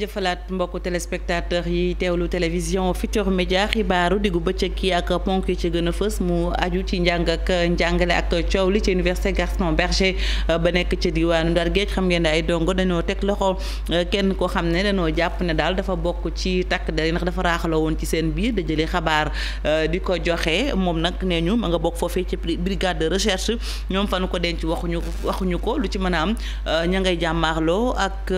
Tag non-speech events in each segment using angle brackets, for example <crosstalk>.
jëfalaat mbokku téléspectateur yi teewlu télévision Futurs Médias xibaaru diggu bëccëg ki ak ponk yi ci gën a fës mu aju ci njàng ak njàngale ak coow li ci université Gaston Berger euh, ba nekk ci diwaanu Ndar Géej xam ngeen ne ay dongo dañoo teg loxo euh, kenn koo xam ne dañoo jàpp ne daal dafa bokk ci takk der ndax dafa raaxaloo woon ci seen biir da jëlee xabaar euh, di ko joxe moom nag nee ñu ma nga bokk foofee ci brigade de recherche ñoom fan ko denc waxuñu waxuñu ko lu ci mën a am ña ngay jàmmaarloo ak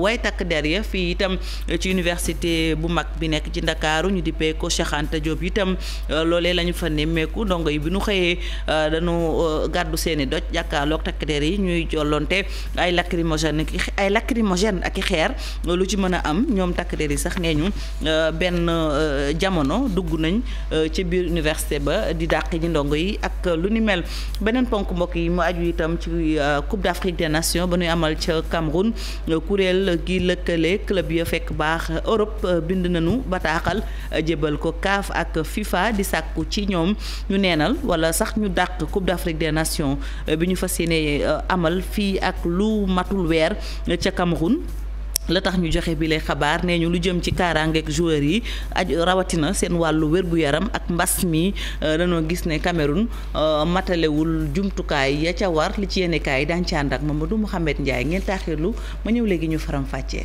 way takk der Sharia fii itam eh, ci université bu mag bi nekk ci Ndakaaru ñu dippee ko Cheikh Anta Diop itam eh, loolee la ñu fa nemmeeku ndongo yi bi nu xëyee eh, dañu gàddu seen i doj jàkkaarloog takk der yi ñuy jolloonte ay lacrymogène ay lacrymogène ak i xeer lu ci mën a am ñoom takk der yi sax nee ñu benn jamono dugg nañ ci biir université ba di dàq ñi ndongo yi ak lu ni mel beneen ponk mbokk yi mu aju itam ci Coupe d'Afrique des Nations ba ñuy amal ca Cameroun kuréel gi lëkkal lële club ya fekk baax Europe euh, bind nañu bataaxal euh, jébal ko CAF ak FIFA di sàkku ci ñoom ñu neenal wala sax ñu dàq Coupe d'Afrique des Nations euh, bi ñu fas yéene amal fii ak lu matul weer ca Cameroun. la tax ñu joxe bi xabaar nee ñu lu jëm ci kaaraangeeg joueurs yi aj rawatina seen wàllu wér yaram ak mbas mi dañoo gis ne Cameroun matalewul jumtukaay ya ca war li ci yenekaay daan ci ànd ak Mamadou Mouhamed Ndiaye ngeen taaxirlu ma ñëw léegi ñu faram fàccee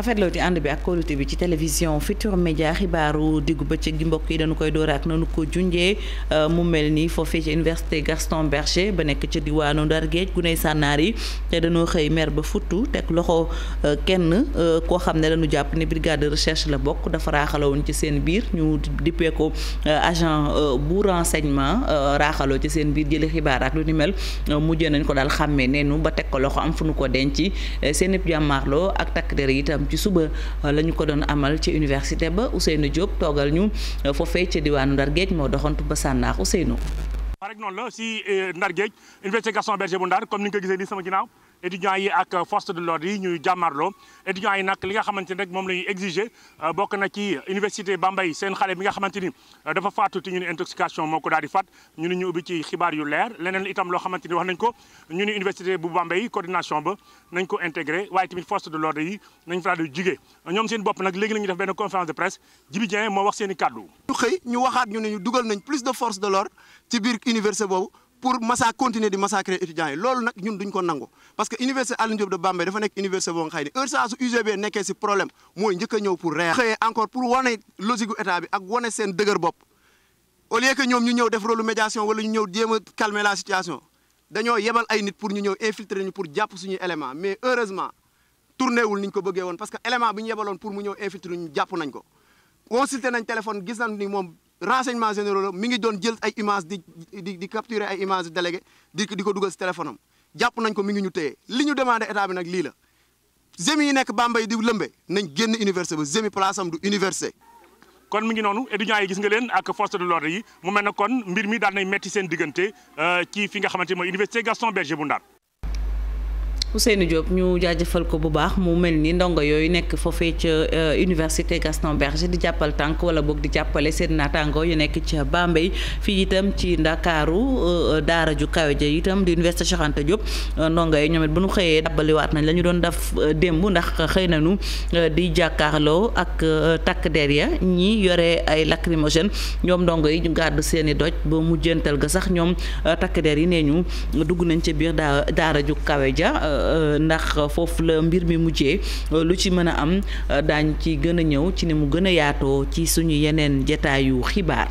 rafetloo ti ànd bi ak kóolute bi ci télévision Futur Média xibaaru diggu bëccëg gi mbokk yi dañu koy door ak nanu ko junjee euh, mu mel ni foofee ci université Gaston Berger ba nekk ca diwaanu Ndar Géej gu ney sànnaar yi te dañoo xëy mer ba futtu teg loxo euh, kenn euh, koo xam ne dañu jàpp ne brigade de recherche la bokk dafa raaxalawoon ci seen biir ñu dippee ko agent bu renseignement raaxaloo ci seen biir jëli xibaar ak lu ni mel mujjee nañ ko daal xàmmee neenu ba teg ko loxo am fu nu ko denc seen ib jàmmaarloo ci suba euh, la ko doon amal ci université ba Ousseynou Diop toogal ñu euh, foofee ca diwaanu Ndar Géej moo doxantu ba sànnaax Ousseynou. waa rek noonu la si euh, Ndar Géej Berger bu Ndar comme ni nga ko gisee nii sama ginnaaw. étudiants yi ak force de l'ordre yi ñuy jàmmarloo étudiants yi nag li nga xamante ni rek moom la ñuy exiger euh, bokk na ci université Bambey seen xale bi nga xamante ni euh, dafa faatu te ñu ne intoxication moo ko daal di faat ñu ni ñu ubbi ci xibaar yu leer leneen itam loo xamante ni wax nañ ko ñu ni université bu Bambey coordination ba nañ ko intégré waaye tamit force de l'ordre yi nañ fa daal di jugee ñoom seen bopp nag léegi la ñuy def benn conférence de presse Djibi Dieng moo i kàddu ñu waxaat ñu ne ñu dugal de force de l'ordre ci biir université boobu pour massa continuer di massacrer étudiants yi loolu nag ñun duñ ko nangu parce que université Alioune Diop de Bambey dafa nekk université boo nga xëy ni heure saa su nekkee si problème mooy njëkk a ñëw pour réer xëyee encore pour wane logique gu état ak wane seen dëgër bopp au ñoom ñu ñëw def rôle médiation wala ñu ñëw jéem a calmer la situation dañoo yebal ay nit pour ñu ñëw infiltrer ñu pour jàpp suñu élément mais heureusement tourné wul niñ ko bëggee woon parce que élément bi ñu yebaloon pour mu ñëw infiltrer ñu renseignement généraux la mi ngi doon jël ay image di di di capturer ay image délégué di di ko dugal si téléphone am jàpp nañ ko mi ngi ñu yee li ñu demandé état bi nag lii la gémi yi nekk Bambey di lëmbe nañ génn université ba gémi place am du université kon mi ngi noonu étudiants yi gis nga leen ak force de l'ordre yi mu mel mbir mi daal nay metti seen diggante euh, ci fi nga xamante mooy université Gaston Berger bu Ndar ku Ousseynou Diop ñu jaajëfal ko bu baax mu mel ni ndongo yooyu nekk foofee ca euh, université Gaston Berger di jàppal tànk wala boog di jàppale seen naataango yu nekk ca Bambey fii itam ci Ndakaaru euh, daara ju kawe ja itam di université Cheikh euh, ndongo yi ñoom bu ñu xëyee dabbaliwaat nañ la ñu doon def démb ndax xëy nañu di jàkkaarloo ak takk der ya ñi yore ay lacrymogène ñoom ndongo yi ñu gàddu seen i doj ba mujjantal ga sax ñoom takk der yi nee ñu dugg nañ ca biir daa daara ju kawe ja Euh, ndax foofu la mbir mi mujjee euh, lu ci mën a am euh, daañ ci gën a ñëw ci ni mu gën a yaatoo ci suñu yeneen jataayu xibaar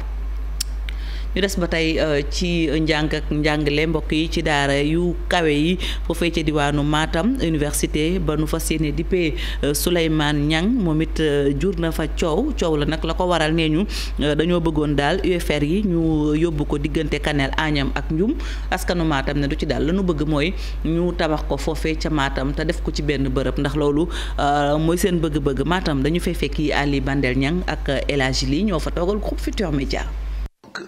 ñu des ba tey euh, ci njàng ak njàngale mbokk yi ci daara yu kawe yi foofee ca diwaanu maatam université ba nu fa yéene dippee euh, Souleymane ñang moom it euh, jur na fa coow coow la nag la ko waral nee ñu dañoo bëggoon daal UFR yi ñu yóbbu ko diggante Kanel Agnam ak Ndioum askanu maatam ne du ci daal la ñu bëgg mooy ñu tabax ko foofee ca maatam te def ko ci benn bërëb ndax loolu mooy seen bëgg-bëgg maatam dañu fee fekk yi Ali Bandel Niang ak El Hadji Ly ñoo fa toogal groupe Futurs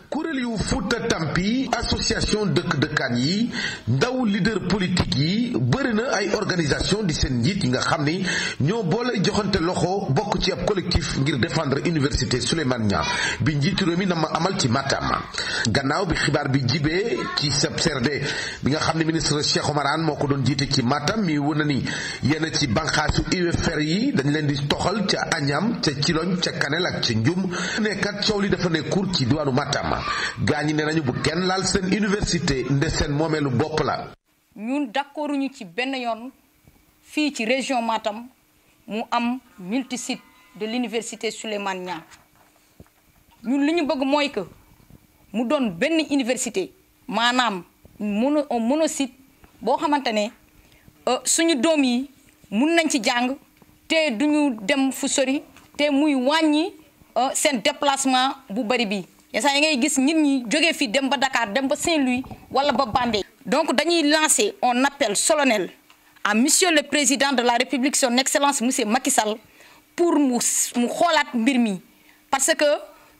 kuréel yu Fouta Tampi yi association dëkk dëkkaan yi ndaw leader politique yi bëri na ay organisation di seen njiit yi nga xam ni ñoo boole joxante loxo bokk ci ab collectif ngir défendre université Souleymane Niang bi njiitu réew mi na ma amal ci Matam gannaaw bi xibaar bi jibee ci CRD bi nga xam ne ministre Cheikh Oumar moo ko doon jiite ci Matam mi wën na ni yenn ci banqaasu UFR yi dañ leen di toxal ca Agnam ca Ciloñ ca Kanel ak ca Ndioum nekkat ci diwaanu Matam jàmm gaa ñi ne nañu bu kenn laal seen université nde seen moomeelu bopp la. ñun d'accorduñu ci benn yoon fii ci région Matam mu am multisite de l'université Souleymane Niang ñun li ñu bëgg mooy que mu doon benn université maanaam mono un monosite boo xamante ne euh, suñu doom yi mun nañ ci jàng te duñu dem fu sori te muy wàññi euh, seen déplacement bu bari bi yenn saa yi ngay gis nit ñi jógee fii dem ba dakaar dem ba Saint-Louis wala ba Bandé. donc dañuy lancer on appel solennel à monsieur le président de la République son excellence monsieur Macky Sall pour mu mu xoolaat mbir mi parce que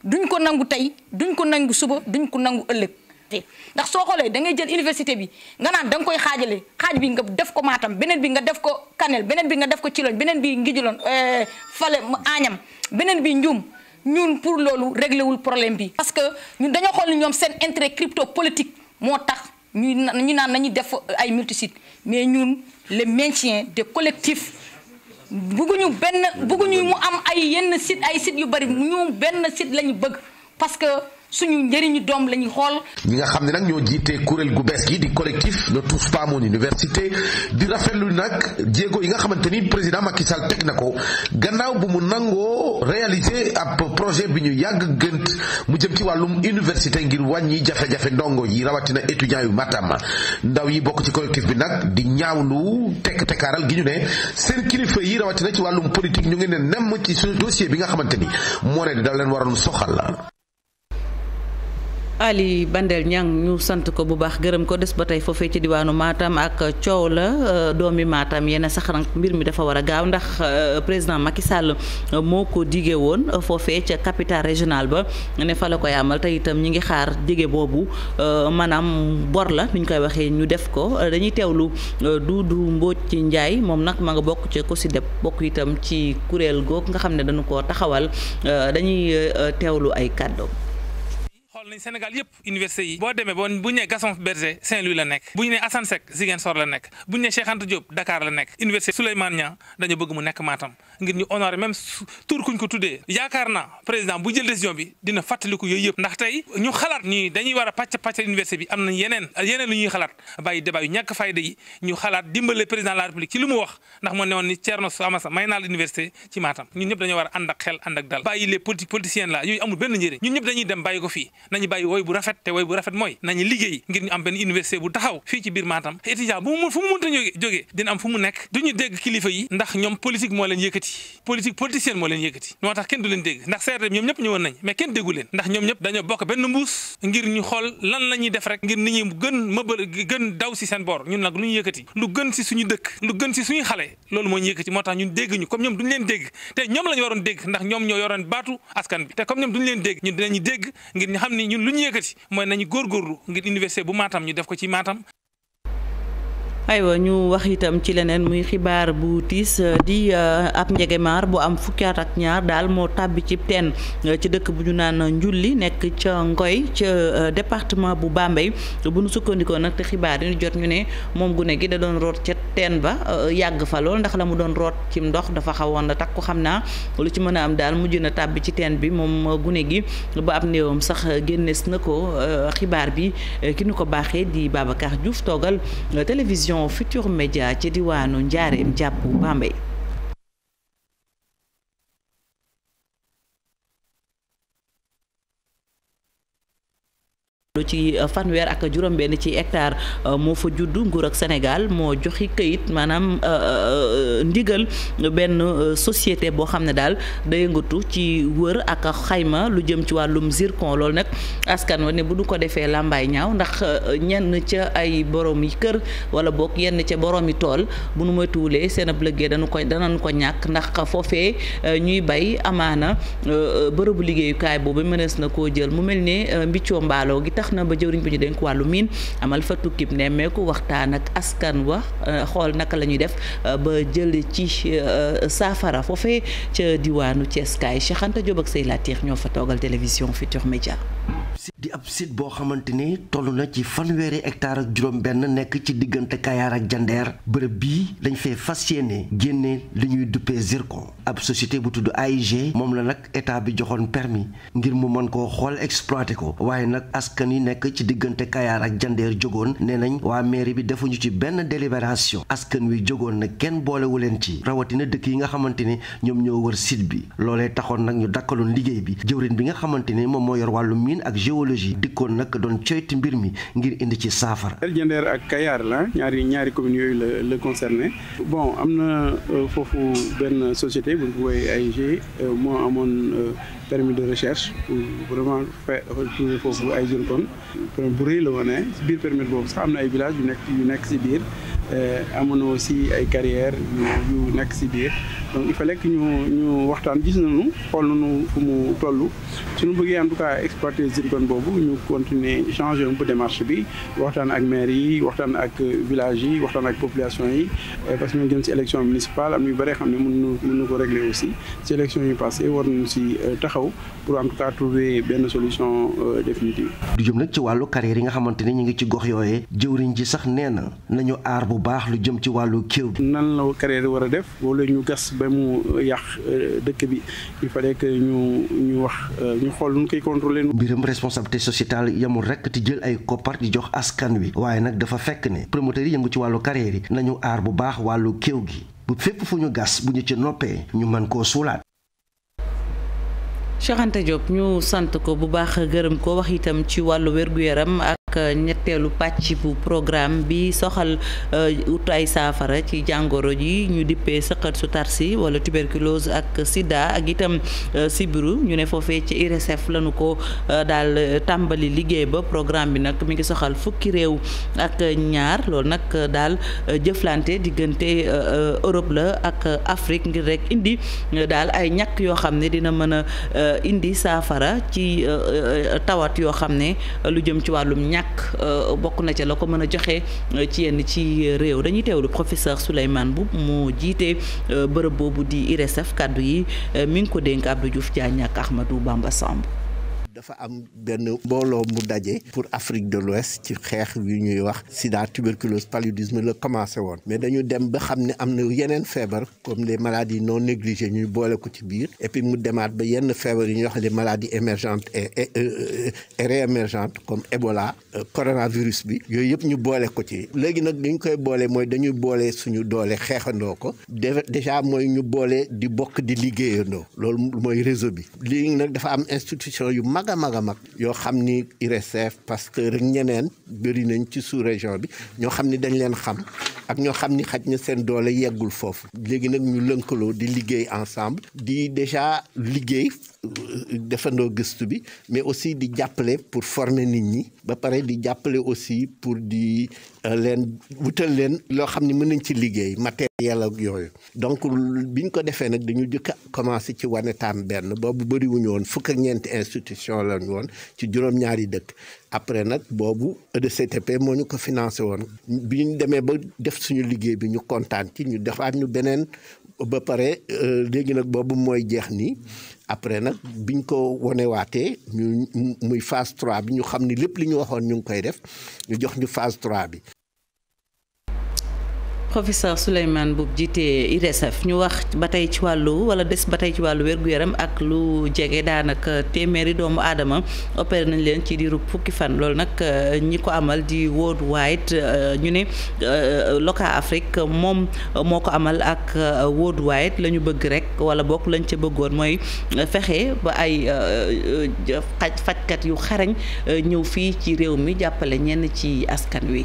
duñ ko nangu tey duñ ko nangu suba duñ ko nangu ëllëg. ndax soo xoolee da ngay jël université bi nga naan da nga koy xaajale xaaj bi nga def ko maatam beneen bi nga def ko Kanel beneen bi nga def ko Ciloñ beneen bi Ngijuloon euh, fale Añam beneen bi Ndioum ñun pour loolu réglé wul problème bi. parce que ñun dañoo xool ñoom seen intérêt crypto politique moo tax ñuy ñu naan nañu def ay multisite mais ñun le maintien de collectifs bugguñu benn bëgguñu mu am ay yenn sit ay site yu bari ñu benn site lañu bëgg parce que. suñu njëriñu doom la ñuy xool. ñi nga xam ne nag ñoo jiitee kuréel gu bees gi di collectif ne touche pas mon université di rafetlu nag jéego yi nga xamante ni président Macky Sall teg ko gannaaw bu mu nangoo réaliser ab projet bi ñu yàgg gënt mu jëm ci wàllum université ngir wàññi jafe-jafe ndongo yi rawatina étudiants yu matama ndaw yi bokk ci collectif bi nag di ñaawlu tekk tekkaaral gi ñu ne seen kilifa yi rawatina ci wàllum politique ñu ngi ne nemm ci suñu dossier bi nga xamante ni moo ne da leen waroon soxal Ali Bandel Niang ñu sant ko bu baax gërëm ko des ba tey foofee ci diwaanu maatam ak coow la euh, doomi Matam yenn sax nag mbir mi dafa war a gaaw ndax euh, président Macky Sall euh, moo ko dige woon foofee ca capitale régional ba ne fa la koy amal te itam ñi ngi xaar dige boobu maanaam bor la ni ñu koy waxee ñu def ko dañuy teewlu du Mbodj ci Ndiaye moom nag ma nga bokk ca COSYDEP bokk itam ci kuréel googu nga xam ne dañu ko taxawal dañuy teewlu ay kàddoom nañ Sénégal yëpp université yi boo demee boo bu ñu nee Berger Saint-Louis la nekk bu ñu nee Assane Seck Ziguinchor la nekk bu ñu nee Cheikh Dakar la nekk université Souleymane Niang dañu bëgg mu nekk Matam ngir ñu honoré ñu xalaat dañuy war a pàcc xel ànd ak dal bàyyi les politiciens la yooyu amul benn njëriñ ñun ñëpp dañuy dem bàyyi ko fii nañu bàyyi ngir ñu xool lan la def rek ngir nit gën daw si seen boor ñun nag lu ñu yëkkati lu gën si suñu dëkk lu gën si suñu xale loolu moo ñu yëkkati moo tax ñun dégg ñu comme ñoom duñu leen dégg ndax ñoom ñoo yoroon baatu askan bi te comme ñoom duñu leen dégg ñun dinañu dégg ngir ñu xam ni ñun lu ñu yëkkati mooy nañu góorgóorlu ngir université bu maatam ñu def ko ci Matam aywa ñu wax itam ci leneen muy xibaar bu tiis euh, di euh, ab njegemaar bu am fukki ak ñaar daal moo tàbbi ci teen euh, ci dëkk bu ñu naan njulli nekk ca Ngoy ca département bu baambay bu nu sukkandikoo nag te xibaar yi jot ñu ne moom gune gi da doon root ca teen ba yàgg fa lool ndax la mu doon root ci ndox dafa xawoon na takku xam naa lu ci mën a am daal mujj na tàbbi ci teen bi moom gune gi ba ab néewam sax génnees na ko xibaar bi ki nu ko baaxee di Babacar Diouf télévision Futur Média ci diwaanu Njaareem jàpp Bambey lu ci euh, fanweer ak juróom-benn ci hectare euh, moo fa judd nguur ak Sénégal moo joxi kayit maanaam euh, ndigal benn société boo xam ne daal day yëngatu ci wër ak xayma lu jëm ci wàllum zircon loolu nag askan wa ne bu du ko defee làmbaay ñaaw ndax ñenn ca ay borom yi kër wala boog yenn ca borom yi tool bu nu moytuwulee seen ab liggéey danu ko danañ ko ñàkk ndax foofee ñuy bay amaana bërëbu liggéeyukaay boobu mënees na koo jël mu mel ne mbaaloo gi tax na ba jëwriñ bu ñu dénk wàllu miin amal fa tukkib nemmeeku waxtaan ak askan wa euh, xool naka la ñuy def euh, ba jël ci euh, saafara foofee ca diwaanu Ceeskaay Cheikh Anta Diop ak teex ñoo fa toogal télévision Futur Média site di ab site boo xamante ni toll na ci fanweeri hectare ak juróom-benn nekk ci diggante kayaar ak Jandeer bërëb bii dañ fee fas yéene génne li ñuy duppee zircon ab société bu tudd AIG moom la nag état bi joxoon permis ngir mu mën koo xool exploité ko waaye nag askan yi nekk ci diggante kayaar ak Jandeer jógoon nee nañ waa mairie bi defuñu ci benn délibération askan wi jógoon na kenn boolewu leen ci rawatina dëkk yi nga xamante ni ñoom ñoo wër site bi loolee taxoon nag ñu dakkaloon liggéey bi jëwriñ bi nga xamante ni moom moo yor wàllu miin ak géologie dikkoon nag doon coytu mbir mi ngir indi ci saafara. Jendeer ak kayaar la ñaari ñaari communes yooyu la la concerné bon am na euh, foofu benn société bu ñu koy AIG euh, moo amoon. Euh, permis de recherche pour vraiment fe trouver foofu ay jeunes kon bu rëy la woon si biir permis boobu sax am na ay village yu nekk yu nekk si biir eh, amoon na aussi ay carrière yu nekk si biir donc il fa que ñu ñu waxtaan gis nañu xool nañu fu mu toll suñu bëggee en tout cas exploiter boobu ñu continuer changer un peu démarche bi waxtaan ak maire yi waxtaan ak village yi waxtaan ak population yi eh, parce que ñu jëm si élection municipale am na yu bëri xam ne mën nu ko régler aussi si élection yu passé war taxaw pour en benn solution euh, définitive. du jëm nag ci wàllu carrière yi nga xamante ni ñu ngi ci gox yooyee. jëwriñ ji sax nee na nañu aar bu baax lu jëm ci wàllu kéew bi. nan la carrière war a def wala ñu gas ba mu euh, yàq euh, dëkk bi il fa que ñu ñu wax ñu xool nu koy contrôler. mbiram responsabilité sociétale yamul rek te jël ay koppar di jox askan wi. waaye nag dafa fekk ne promoteurs yi yëngu ci wàllu carrière yi nañu aar bu baax wàllu kéew gi bu fépp fu ñu gas bu ñu ci noppee Cheikh Anta Diop ñu sant ko bu baax gërëm ko wax itam ci wàllu wér gu yaram ak euh, ñetteelu pàcc bu programme bi soxal euh, ut ay saafara ci jàngoro ji ñu dippee sëqat su tarsi wala tuberculose ak sida ak itam euh, sibiru ñu ne foofee ci IRESSEF lañu ko daal tàmbali liggéey ba programme bi nag mi ngi soxal fukki réew ak ñaar lool nag daal jëflante diggante Europe la ak Afrique ngir rek indi daal ay ñàkk yoo xam ne dina mën a indi saafara ci tawat yoo xam ne lu jëm ci wàllum ñàkk euh, bokk na ca la ko mën a joxe euh, ci yenn ci réew dañuy teew teewlu professeur Souleymane bu moo jiite euh, bërëb boobu di IRESSEF kàddu yi mi ngi ko dénk du Diouf Diagne ak Ahmadou Bamba Samb dafa am benn mbooloo mu daje pour Afrique de l'Ouest ci xeex yu ñuy wax sida tuberculose paludisme la commencé woon mais dañu dem ba xam ne am na yeneen feebar comme les maladie non négligées ñuy boole ko ci biir et mu demaat ba yenn feebar yu ñuy wax les maladies émergentes et euh, euh, comme ébola euh, coronavirus bi yooyu yëpp ñu boole ko ci léegi nag dañ koy boole mooy dañuy boole suñu doole xeexandoo ko déjà mooy ñu boole di bokk di liggéeyandoo loolu a mag mag yoo xam ni IRESSEF parce que rek ñeneen bëri nañ ci sous région bi ñoo xam ni dañ leen xam ak ñoo xam ni xaj na seen doole yeggul foofu léegi nag ñu lënkaloo di liggéey ensemble di déjà liggéey defandoo gëstu bi mais aussi di jàppale pour former nit ñi ba pare di jàppale aussi pour di euh, leen wutal leen loo xam ne mën nañ ci liggéey matériel ak yooyu donc bi ñu ko defee nag dañu jëkk a commencé ci wanetaam benn boobu bëriwuñu woon fukk ak ñeenti institution lañu woon ci juróom-ñaari dëkk après nag boobu EDCTP moo ñu ko financé woon bi ñu demee ba def suñu liggéey bi ñu kontaan ci ñu defaat ñu beneen ba pare euh, léegi nag boobu mooy jeex nii après nag biñ ko wanewaatee ñu muy phase 3 bi ñu xam ni lépp li ñu waxoon ñu ngi koy def ñu jox ñu phase trois bi professeur Souleymane Mboup jiite IRESSEF ñu wax ba tey ci wàllu wala des ba tey ci wàllu wér yaram ak lu jege daanaka téeméeri doomu aadama opéré nañ leen ci diiru fukki fan loolu nag euh, ñi ko amal di World Wide euh, ñu ne euh, Loka Afrique moom moo ko amal ak World Wide la ñu bëgg rek wala bokk lañ ca bëggoon mooy fexe ba ay faj fajkat yu xarañ ñëw fii ci réew mi jàppale ñenn ci askan wi.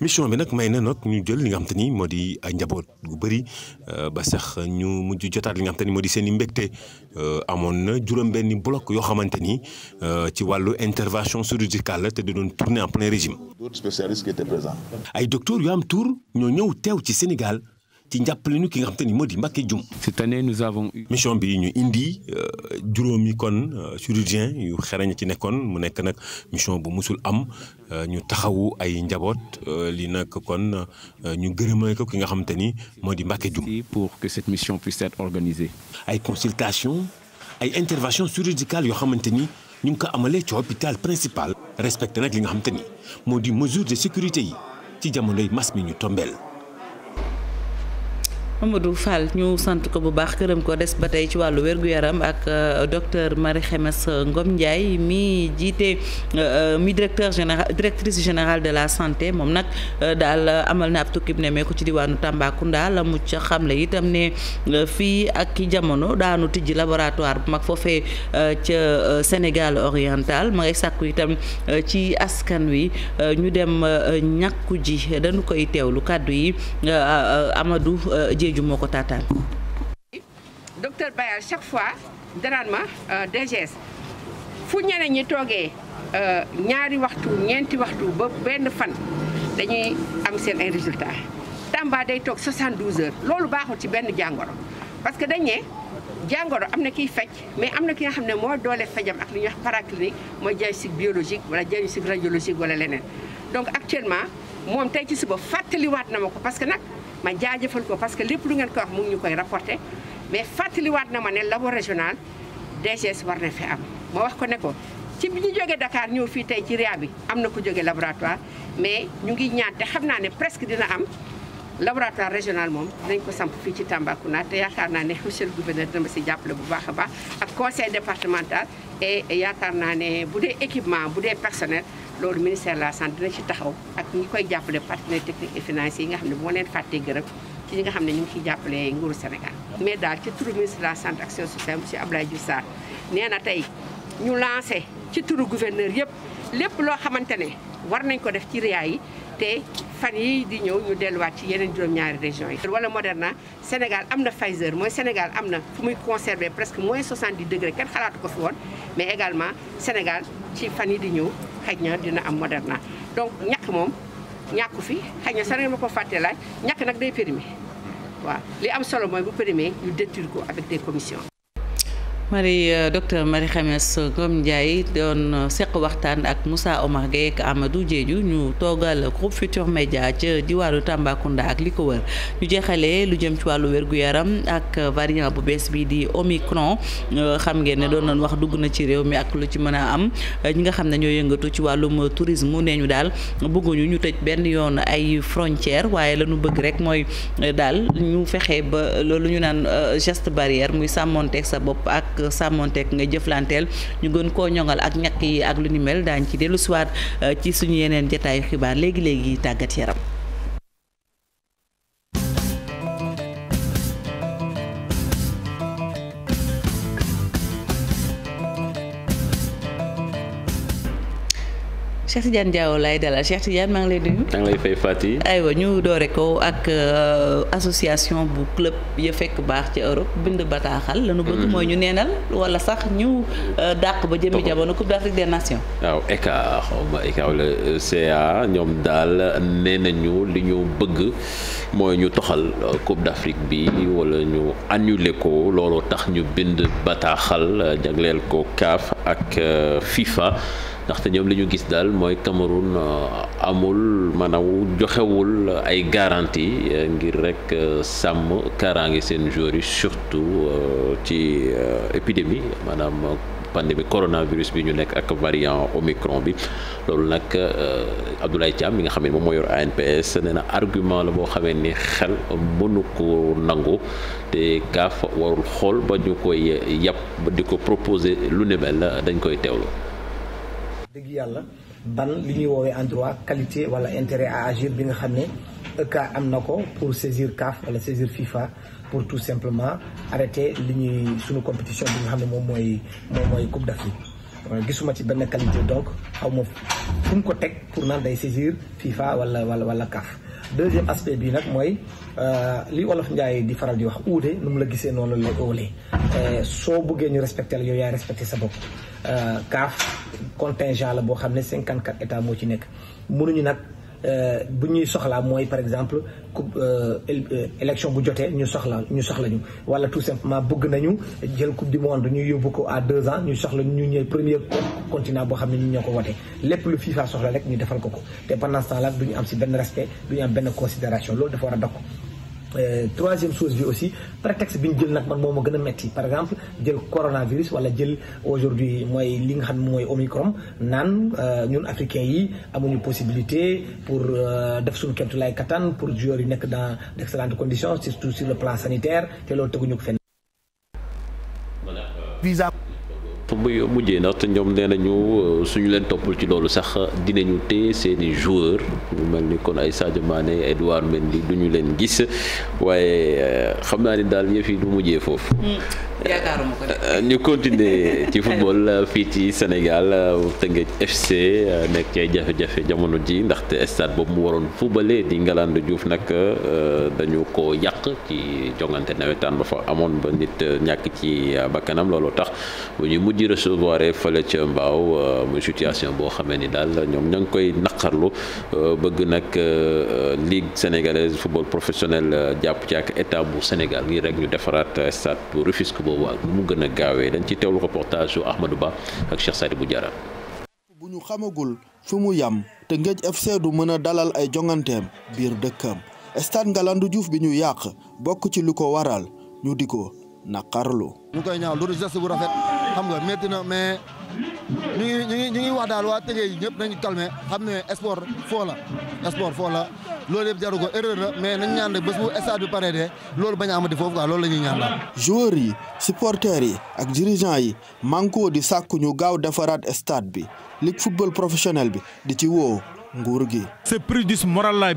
mission bi nag may na nag ñu jël li nga xam te ni moo di ay njaboot gu bëri euh, ba sax ñu mujj jotaat li nga xam te ni moo di seen i mbégte euh, amoon na juróom-benni bloc yoo xamante ni euh, ci wàllu intervention chirurgicale te di doon tourner en plein régime. ay docteurs yoo am tour ñoo ñëw teew ci Sénégal. ci njàppalinu ki nga xam te ni moo di Mbacké Dioum. cette année nous mission bi ñu indi euh, juróomi kon euh, chirurgien yu xereñ ci nekkoon mu nekk nag mission bu musul am euh, ñu taxawu ay njaboot li nag kon ñu gërëmee ko ki nga xam te ni moo di Mbacké Dioum. pour que cette mission puisse être organisée. ay consultation ay intervention chirurgicale yoo xamante ni ñu ngi ko amalee ci hôpital principal respecté nag li nga xamante ni moo di mesure de sécurité yi ci jamonoy mas mi ñu tombeel Mamadou Fall ñu sant ko bu baax këram ko des ba tey ci wàllu wér yaram ak euh, docteur Marie Khemesse Ngom Ndiaye mi jiite euh, euh, mi directeur général directrice générale de la santé moom nag daal amal na ab tukkib nemee ko ci diwaanu Tambacounda la mucc xamle itam ne fii ak ki jamono daanu tijji laboratoire bu mag foofee ca Sénégal oriental ma ngay sàkku itam ci askan wi ñu dem ñàkku ji dañu koy teewlu kàddu yi Amadou Dieng ju moo ko taataan. docteur Bayal chaque fois danaan ma euh, DGS fu ñeneen ñi toogee euh, ñaari waxtu ñeenti waxtu ba benn fan dañuy am seen ay résultats Tamba day toog 72 heures loolu baaxul ci benn jàngoro parce que dañ jàngoro am na kiy faj mais am na ki nga xam ne moo doole fajam ak lu ñuy wax paraclinique mooy diagnostic biologique wala diagnostic radiologique wala leneen donc actuellement. moom tey ci suba fàttaliwaat na ma ko parce que nag ma jaajëfal ko parce que lépp lu ngeen ko wax mu ñu koy rapporté mais fàttaliwaat na ma ne labo régional DGS na fi am ma wax ko ne ko ci bi ñu jógee Dakar ñëw fii tey ci RIA bi am na ko jógee laboratoire mais ñu ngi ñaan xam naa ne presque dina am laboratoire régional moom dinañ ko samp fii ci Tambacounda te yaakaar naa ne monsieur le gouverneur si jàppale bu baax a baax a conseil départemental et yaakaar naa ne bu dee équipement bu dee personnel loolu ministère la santé dina ci taxaw ak ñi koy jàppale partenaires techniques et financiers yi nga xam ne moo leen fàttee gërëm ci ñi nga xam ne ñu ngi ciy jàppale nguuru Sénégal. mais daal ci turu ministre de la santé action sociale monsieur Abdoulaye Diouf nee na tey ñu lancé ci turu gouverneur yëpp lépp loo xamante ne war nañ ko def ci RIA yi te fan yi di ñëw ñu delluwaat ci yeneen juróom-ñaari régions yi. wala Moderna Sénégal am na Pfizer mooy Sénégal am na fu muy conserver presque mooy moins 70 degré kenn xalaatu ko fi woon mais également Sénégal ci fan yi di ñëw. xëy na dina am Moderna donc ñàkk moom ñàkku fi xëy na sax ngeen ma ko fàtte laaj ñàkk nag day périmé waaw li am solo mooy bu périmé ñu détruire ko avec des commissions Marie euh, docteur Marie Khemesse Ngom Ndiaye doon euh, seq waxtaan ak musa Omar Gueye amadu Amadou ñu toogal groupe Futur Média ca diwaanu Tambacounda ak li ko wër ñu jeexalee lu jëm ci wàllu wérgu yaram ak variant bu bees bii di Omicron euh, xam ngeen ne doon nañ wax dugg na ci réew mi ak lu ci mën a am ñi nga xam ne ñoo yëngatu ci wàllum tourisme mu nee ñu daal bëgguñu ñu tëj benn yoon ay frontière waaye lañu bëgg rek mooy daal ñu fexe ba loolu ñu naan geste barrière muy sàmmonteeg sa bopp sàmmonteeg nga jëflanteel ñu gën koo ñoŋal ak ñàkk yi ak lu ni mel ci dellu siwaat euh, ci suñu yeneen jataayu xibaar léegi léegi tàggat yaram Cheikh Tidiane Diaw laay dalal Cheikh Tidiane maa ngi lay nuyu. maa ngi lay fay Fati. aywa ñu doore ko ak euh, association bu club ya fekk baax ci Europe bind bataaxal. lanu bëgg mm-hmm. mooy ñu neenal wala sax ñu euh, dàq ba jëmmi jamono Coupe d'Afrique des Nations. waaw ECA xaw ma ECA wala euh, CA ñoom daal nee nañu li ñu bëgg mooy ñu toxal Coupe d'Afrique bi wala ñu annulé ko looloo tax ñu bind bataaxal jagleel ko CAF ak FIFA. ndaxte ñoom li ñu gis daal mooy Cameroun euh, amul maanaam joxewul ay garanti euh, ngir rek euh, sàmm kaaraange seen joueurs yi surtout ci épidémie maanaam pandémie coronavirus bi ñu nekk ak variant Omicron bi loolu nag Abdoulaye Thiam li nga xam ne moom moo yor ANPS nee na argument la boo xamee ni xel mënu ko nangu te kaaf warul xool ba ñu koy yàpp di ko proposer lu ne dañ koy teewlu. dëgg yàlla ban li ñuy woowee en qualité wala intérêt à agir bi nga xam ne ECA am na ko pour saisir CAF wala saisir FIFA pour tout simplement arrêter li ñuy sunu compétition bi nga xam ne moom mooy moom mooy Coupe d'Afrique euh, gisuma ci benn qualité donc xaw ma fu mu ko teg pour naan day saisir FIFA wala wala wala CAF deuxième aspect bi nag mooy euh, li wolof Njaay di faral di wax uude nu mu la gisee noonu la óolee euh, soo bëggee ñu respecté la yow yaay sa bopp Euh, CAF contingent la boo xam ne cinquante 54 états moo ci nekk mënuñu nag euh, bu ñuy soxlaa mooy par exemple coupe euh, élection bu jotee ñu soxla ñu soxla ñu wala tout simplement bëgg nañu jël coupe du monde ñu yóbbu ko à deux ans ñu soxla ñu ñëw premier continent boo xam ne ñu ñoo ko wote lépp lu FIFA soxla rek ñu defal ko ko te pendant ce temps du ñu am si benn respect du ñu am benn considération loolu dafa war a dokk Euh, troisième chose bi aussi prétexte bi ñu jël nag man moom ma gën a metti par exemple jël coronavirus wala jël aujourd'hui mooy li nga xam ne mooy omicron naan euh, ñun africains yi amuñu possibilité pour euh, def suñu kemtu lay kattan pour joueurs yi nekk dans d'excellentes conditions surtout sur le plan sanitaire te loolu teguñu ko fenn. fa muy mujjee ndaxte ñoom nee nañu euh, suñu leen toppul ci loolu sax dinañu téye seen i joueurs mu mel ni kon ay Sadio Mané Edouard Mendy du ñu leen gis waaye euh, xam naa ni daal yëf yi du mujjee foofu. Mm. yaakaaruma ko euh, ñu continuer ci football euh, fii ci Sénégal euh, Tëngéej FC nekk ci jafe-jafe jamono ji ndaxte stade boobu mu waroon footballé di Ngalandou juuf nag dañu ko yàq ci jongante nawetaan ba fa amoon ba nit ñàkk ci bakkanam looloo tax bu ñuy mujj recevoir fële ca Mbaaw muy situation boo xamee ni daal ñoom ña ngi koy naqarlu bëgg nag Ligue sénégalaise football professionnel jàpp ci ak état bu Sénégal ngir rek ñu defaraat stade bu Rufisque woowu ak mu gën a gaawee dañ ci teewlu reportage su Ahmadou Ba ak Cheikh Sadibou Diarra bu ñu xamagul fi mu yam te Teungueth FC du mën a dalal ay jonganteem biir dëkkam stade Ngalandou juuf bi ñu yàq bokk ci lu ko waral ñu di ko naqarlu ñu ñu ngi ñu ñu ngi wax daal waa Tëngéej ñëpp nañu calmé xam ne sport foo la sport foo loolu yëpp jaru ko erreur la mais nañ ñaan rek bés bu bi paree de loolu bañ a amati foofu quoi loolu la ñuy ñaan daal. joueurs yi supporters yi ak dirigeants yi manko di sàkku ñu gaaw defaraat stade bi ligue football professionnel bi di ci woo. nguur gi. ce préjudice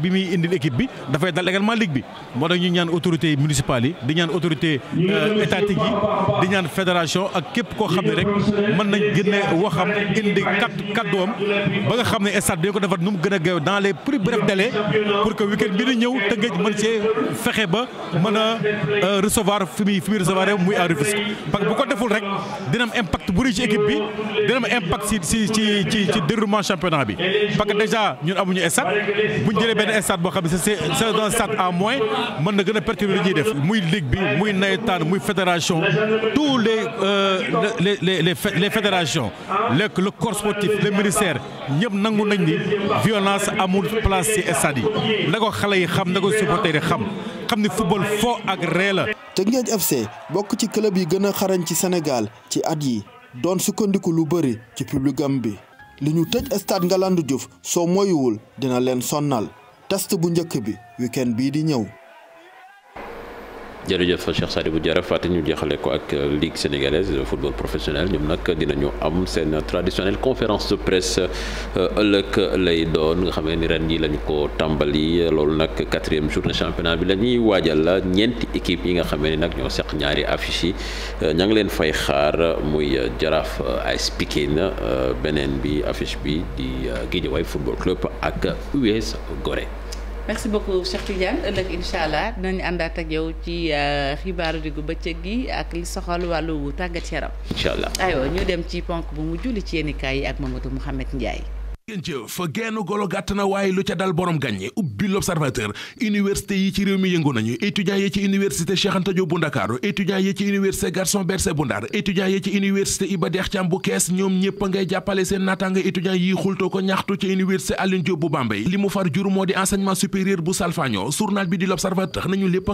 bi muy indil équipe bi dafay dal également ligue bi moo tax ñaan autorité municipale yi di ñaan autorité euh, étatique yi di ñaan fédération ak képp koo xam ne rek mën nañ génne waxam indi kat kaddoom ba nga xam ne stade dañ ko defar nu mu gën a gaaw dans les plus brefs délais pour que week-end bi di ñëw Tëngéej mën see fexe ba mën a euh, recevoir fi muy fi muy recevoir muy à parce que bu ko deful rek dina am impact bu rëy ci équipe bi dina impact ci ci ci ci déroulement championnat bi déjà ñun amuñu stade bu ñu jëlee benn stade boo xam ne c'est c'est un stade moins mën na gën a perturber li ñuy def muy ligue bi muy nawetaan muy fédération tous les euh, les les les fédérations le le corps sportif le ministère ñëpp nangu nañ ni violence amul place ci stade yi na xale yi xam na ko supporter yi xam xam ni football foo ak ree la. Teungueth FC bokk ci club yi gën a xarañ ci Sénégal ci at yi doon sukkandiku lu bëri ci publicam bi. li ñu tëj stade Ngalandou Diouf soo moyuwul dina leen sonal test bu njëkk bi weekend bii di ñëw jërëjëf Cheikh bu Diarra fàtte ñu jeexale ko ak euh, Ligue sénégalaise de football professionnel ñoom nag dinañu am seen traditionnelle conférence de presse euh, ëllëg lay doon nga xamee ni ren yi lañu ko tàmbali loolu nag quatrième journée championnat bi lañuy ñuy waajal ñeenti équipe yi nga xamee ni nag ñoo seq ñaari affiche yi euh, ña ngi leen fay xaar muy Jaraaf AS Pikine beneen bi affiche bi di Guédiawaye football club ak US gore merci beaucoup Cheikh Tidiane ëllëg incha allah dinañu àndaat ak yow ci euh, xibaaru diggu bëccëg gi ak li soxal wàllu tàggat yaram. incha allah ñu dem ci ponk bu mu julli ci yéenekaay yi ak Mamadou Mouhamed Ndiaye. jëf genn golo gàtt na waaye lu ca dal borom gàññe ubbi l'observateur université yi ci réew mi yëngu nañu étudiants yi ci université Cheikh Anta bu Ndakaaru étudiants yi ci université Gaston Berger bu Ndar étudiants yi ci université Iba Der bu Kees ñoom ñépp a ngay jàppale seen naataanga étudiants yi xultoo ko ñaxtu ci université Alioune Diop bu Bambey li mu far jur di enseignement supérieur bu salfaño journal bi di l'observateur nañu lépp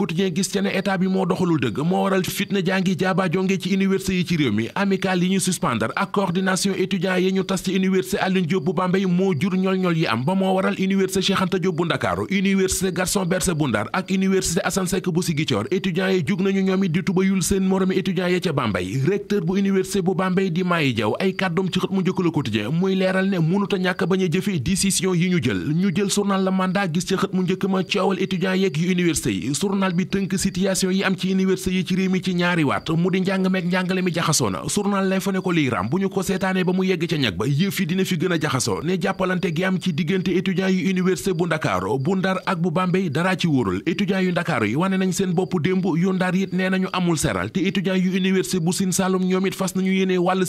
quotidien gis ca ne état bi moo doxalul dëgg moo waral fitna jàngi jaaba jonge ci université yi ci réew mi amical yi ñu suspendre ak coordination étudiant yi ñu tas ci université Alioune Diop bu Bambey moo jur ñol-ñol yi am ba moo waral université Cheikh Anta Diop bu Ndakaaru université Gaston Berger bu Ndar ak université Assane Seck bu Ziguinchor étudiant yi jug nañu ñoom it di tubayul seen moromi étudiant yi ca Bambey recteur bu université bu Bambey di Mayi Diaw ay kàddoom ci xët mu njëkk Le Quotidien muy leeral ne mënut a ñàkk bañ a jëfe décision yi ñu jël ñu jël journal la mandat gis ca mu njëkk ma coowal étudiant yeeg yu université yi journal bi tënk situation yi am ci université yi ci réew mi ci ñaari waat mu di njàng meek njàngale mi jaxasoo na journal a fa ne ko liy bu ñu ko seetaanee ba mu yegg ca ñag ba yëf yi dina fi gën a jaxasoo ne jàppalante gi am ci diggante étudiants yu université bu ndakaaro bu ndar ak bu Bambey dara ci wóorul étudiants yu ndakaaro yi wane nañ seen bopp démb yu ndar it nee nañu amul seral te étudiants yu université bu Sine ñoom it fas nañu yéene wàll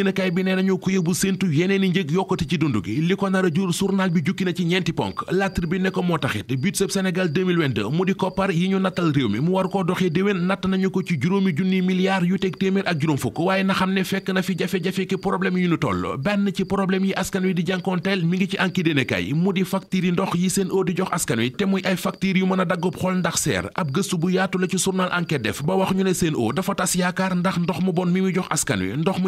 a yéenekaay bi nee nañu ku yóbbu séentu yeneen i njëg yokkati ci dund gi a jur journal na ci ñeenti ponk La Tribune ko moo taxit budget Sénégal 2022 mu di koppar yi ñu nattal réew mi mu war koo doxe déwén natt nañu ko ci juróomi junni milliards yu teg téeméer ak juróom fukk waaye na xam ne fekk na fi jafe-jafe ki problème yu ñu toll benn ci problème yi askan wi di jànkoonteel mi ngi ci anki dénekaay mu di factures yi ndox yi seen eau di jox askan wi te muy ay factures yu mën a daggub xool ndax seer ab gëstu bu yaatu la ci journal enquête def ba wax ñu ne seen eau dafa tas yaakaar ndax ndox mu bon mi muy jox askan wi ndox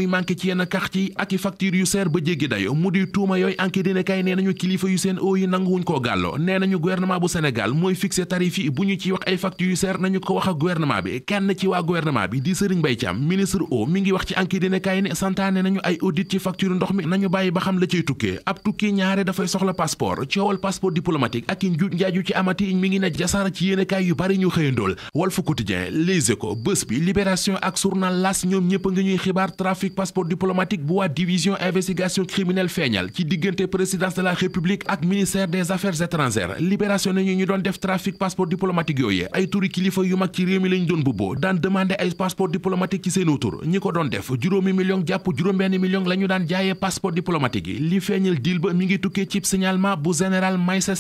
na quartier ak i facture yu seer ba jéggi dayo mu di tuuma yooyu enquête dina kay nañu kilifa yu seen eau yi nanguwuñ koo gàlloo nee nañu gouvernement bu Sénégal mooy fixé tarif yi bu ñu ci wax ay facture yu seer nañu ko wax ak gouvernement bi kenn ci waa gouvernement bi di Serigne Mbaye Thiam ministre eau mi ngi wax ci enquête dina ne santaane nañu ay audit ci facture ndox mi nañu bàyyi ba xam la cay tukkee ab tukki ñaare dafay soxla passeport coowal passeport diplomatique diplomatique bu waa division investigation criminelle feeñal ci diggante présidence de la république ak ministère des affaires étrangères libération nañu ñu doon def trafic passeport diplomatique yooyu ay turi kilifa yu mag ci réew mi lañu doon bubboo daan demandé ay passeport diplomatique ci seenu tur ñi ko doon def juróomi million jàpp juróom-benn million la daan jaayee passeport diplomatique yi li feeñal deal ba mi ngi tukkee cib signalement bu général Maïssa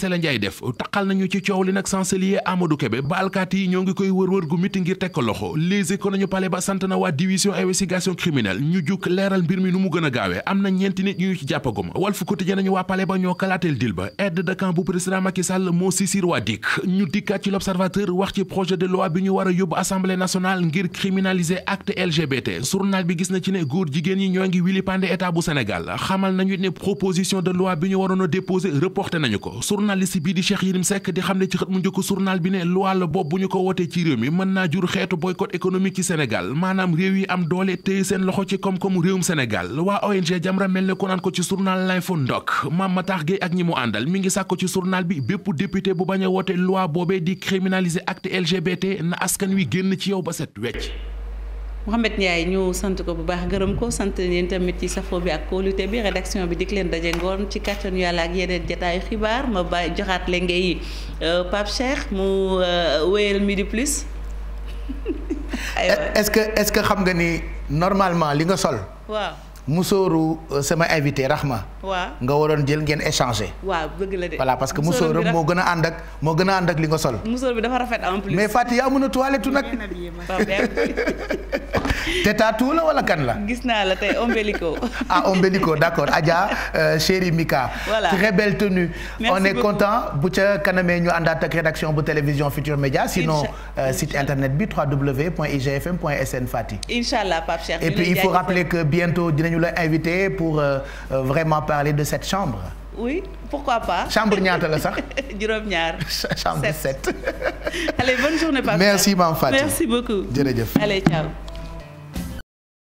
mbir mi nu mu gën a gaawee am na ñeenti nit ñu ci jàppagum Walf Quotidien nañu waa palais ba ñoo kalaatel dil ba aide de camp bu président Macky moo sisir waa dikk ñu dikkaat ci l'observateur wax ci projet de loi bi ñu war a yóbbu assemblée nationale ngir criminaliser acte LGBT journal bi gis na ci ne góor jigéen ñi ñoo ngi wili pande état bu Sénégal xamal nañu ne proposition de loi bi ñu waroon a déposé reporté nañu ko journaliste bii di Cheikh Yérim Seck di xam ne ci xët mu njëkk wootee ci réew mi mën naa jur xeetu boycott économique ci Sénégal maanaam réew yi am doole téye seen loxo ci koom-koomu réewum Sénégal waa ONG Jamra mel ne ko naan ko ci journal L'Info maam Mame Matar Gueye ak ñi mu àndal mi ngi sàkko ci journal bi bépp député bu bañ a woote loi boobee di criminaliser acte LGBT na askan wi génn ci yow ba set wecc Mouhamed Ndiaye ñu sant ko bu baax gërëm ko sant leen ci safo bi ak kóolute bi rédaction bi dik leen daje ngoon ci kàttanu yàlla ak yeneen xibaar ma ba joxaat leen ngay euh, Pape Cheikh mu euh, wéyal midi plus. <laughs> est-ce que est-ce que xam nga ni normalement li nga sol. waaw musóoru euh, sama invité Rahma. waaw nga waroon jël ngeen échanger. waa bëgg la de. parce que musóoram moo gën a ànd ak moo gën a ànd ak li nga sol. musóor bi dafa rafet en plus. mais Faty yaa mën a toilette nag. <laughs> te taatu la wala kan la. gis naa la tey ombelico. <laughs> ah ombelico d' accord Adja euh, chérie Mika. très belle tenue. on est content bu ca kanamee ñu àndaat ak rédaction bu télévision Futur Média sinon euh, site internet bi www.igfm.sn Faty. incha allah Pape Cheikh il faut rappeler que bientôt nañu la invité pour euh, euh, vraiment parler de cette chambre. oui pourquoi pas. chambre ñaata la sax. <laughs> juróom-ñaar. chambre sept. allez bonne journée Pape. merci Mame Faty merci beaucoup. jërëjëf allez